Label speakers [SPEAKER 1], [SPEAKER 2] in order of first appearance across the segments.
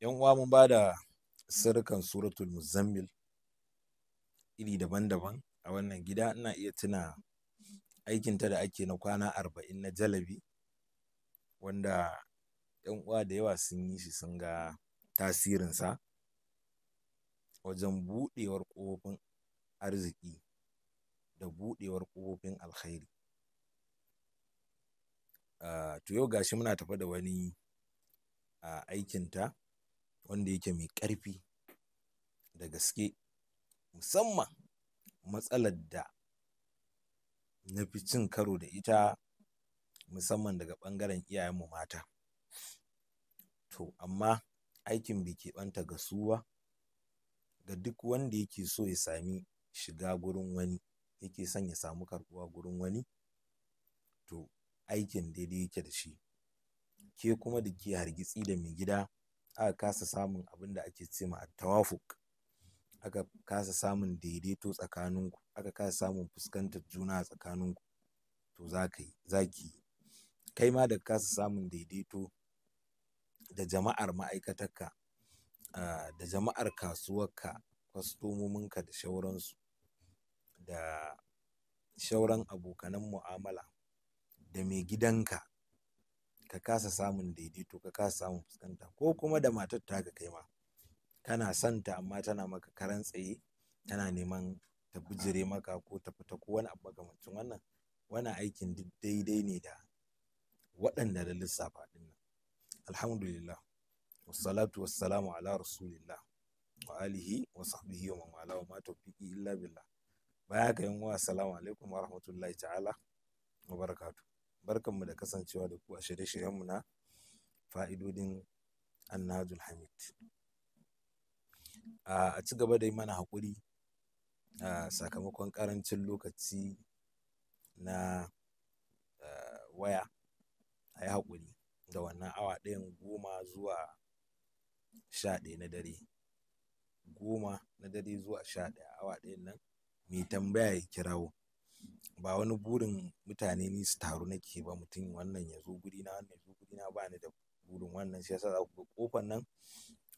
[SPEAKER 1] yan uwa mun ba da sirrukan suratul muzammil iri daban-daban a wannan gida ina iya tuna aikinta da ake na kwana arba'in na jalabi wanda yan uwa da yawa sun yi shi sun ga tasirinsa wajen buɗewar ƙofofin arziki da buɗewar ƙofofin alkhairi ah, to yau gashi muna tafa da wani ah, aikinta wanda yake mai ƙarfi da gaske musamman matsalar da na fi cin karo da ita musamman daga ɓangaren iyayenmu mata to amma aikin bai ɓanta ga suwa, ga duk wanda yake so ya sami shiga gurin wani yake son ya samu karɓuwa gurin wani to aikin daidai yake da shi ke kuma da ke hargitsi da mai gida aka kasa samun abin da ake cewa a tawafuk aka kasa samun daidaito tsakaninku aka kasa samun fuskantar juna tsakaninku to za za ki yi kai ma da kasa samun daidaito da jama'ar ma'aikatarka da jama'ar kasuwarka kwastomominka da shauransu da shauran abokanan mu'amala da mai gidanka ka kasa samun daidaito ka kasa samun fuskanta ko kuma da matar ta ga kai ma kana ta amma tana maka karan tsaye tana neman ta bujire maka ko ta fita ko wani abu mutum wannan wani aikin daidai ne da waɗanda da lissafa ɗin nan alhamdulillah wassalatu wassalamu ala rasulillah wa alihi wa sahbihi wa man wala wa ma tawfiqi illa billah baya ga yan uwa assalamu alaikum wa rahmatullahi ta'ala wa barakatuh barkanmu da kasancewa da ku a shirye-shiryenmu na fa'idodin annajul hamid a ci gaba da yi mana haƙuri a sakamakon ƙarancin lokaci na waya a yi haƙuri da wannan awa ɗayan goma zuwa sha ɗaya na dare goma na dare zuwa sha ɗaya awa ɗayan nan mai tambaya ya kirawo ba wani burin mutane ni su taru nake ba mutum wannan ya zo guri na wannan zo guri na ba ni da burin wannan shi yasa za ku kofar nan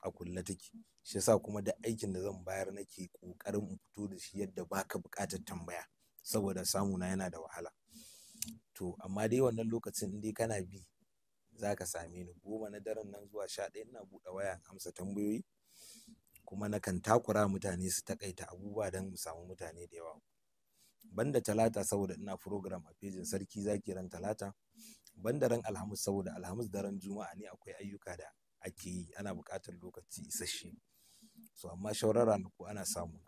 [SPEAKER 1] a kulle take shi yasa kuma da aikin da zan bayar nake kokarin in fito da shi yadda baka bukatar tambaya saboda samu na yana da wahala to amma dai wannan lokacin in dai kana bi zaka same ni goma na daren nan zuwa sha ɗaya ina buɗe waya amsa tambayoyi kuma nakan takura mutane su takaita abubuwa don mu samu mutane da yawa banda talata saboda ina program a fejin sarki zaki ran talata banda ran alhamis saboda alhamis da ran juma'a ne akwai ayyuka da ake yi ana buƙatar lokaci isasshe so amma shawarar ranaku ana samu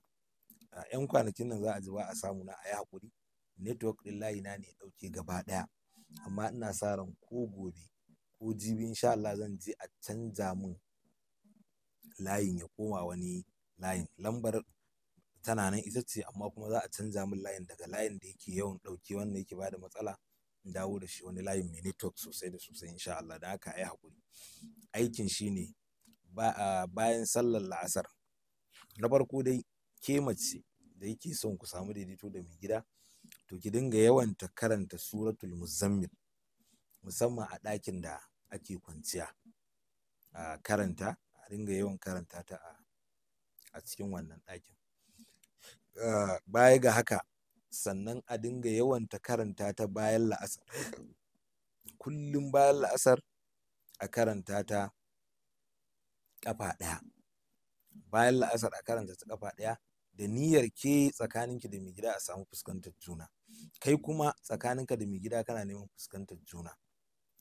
[SPEAKER 1] a yan kwanakin nan za a ji ba a samu na a yi haƙuri network ɗin layi na ne ɗauke gaba ɗaya amma ina sa ran ko gobe ko jibi insha Allah zan je a canza mun layin ya koma wani layin lambar tana nan ita ce amma kuma za a canza min layin daga layin da yake yawan ɗauki wanda yake bada matsala in dawo da shi wani layin mai network sosai da sosai insha Allah da haka ai hakuri aikin shi ne bayan sallar la'asar na farko dai ke mace da yake son ku samu daidaito da mai gida to ki dinga ta karanta suratul muzammil musamman a ɗakin da ake kwanciya a karanta a dinga yawan karanta ta a cikin wannan ɗakin Eh, baya ga haka sannan a dinga yawanta karanta ta bayan la'asar kullum bayan la'asar a karanta ta ƙafa ɗaya bayan la'asar a karanta ta ƙafa ɗaya da niyyar ke tsakaninki da mai gida a samu fuskantar juna kai kuma tsakaninka da mai gida kana neman fuskantar juna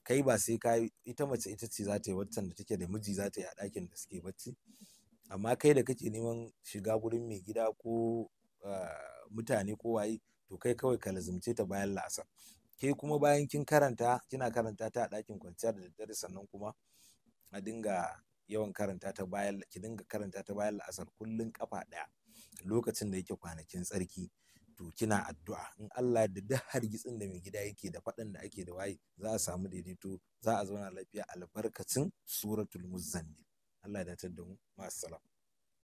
[SPEAKER 1] kai ba sai ka ita mace ita ce za ta yi waccan da take da miji za ta yi a ɗakin da suke bacci amma kai da kake neman shiga gurin mai gida ko Eh, mutane ko waye to kai kawai ka lazumce ta bayan la'asar ke kuma bayan kin karanta kina karanta ta a ɗakin kwanciya da daddare sannan kuma a dinga yawan karanta ta bayan ki dinga karanta ta bayan la'asar kullun kafa ɗaya lokacin da yake kwanakin tsarki to kina addu'a in Allah da duk hargitsin da mai gida yake da faɗan da ake da waye za a samu daidaito za a zauna lafiya albarkacin suratul muzzammil Allah ya datar da mu ma'assalam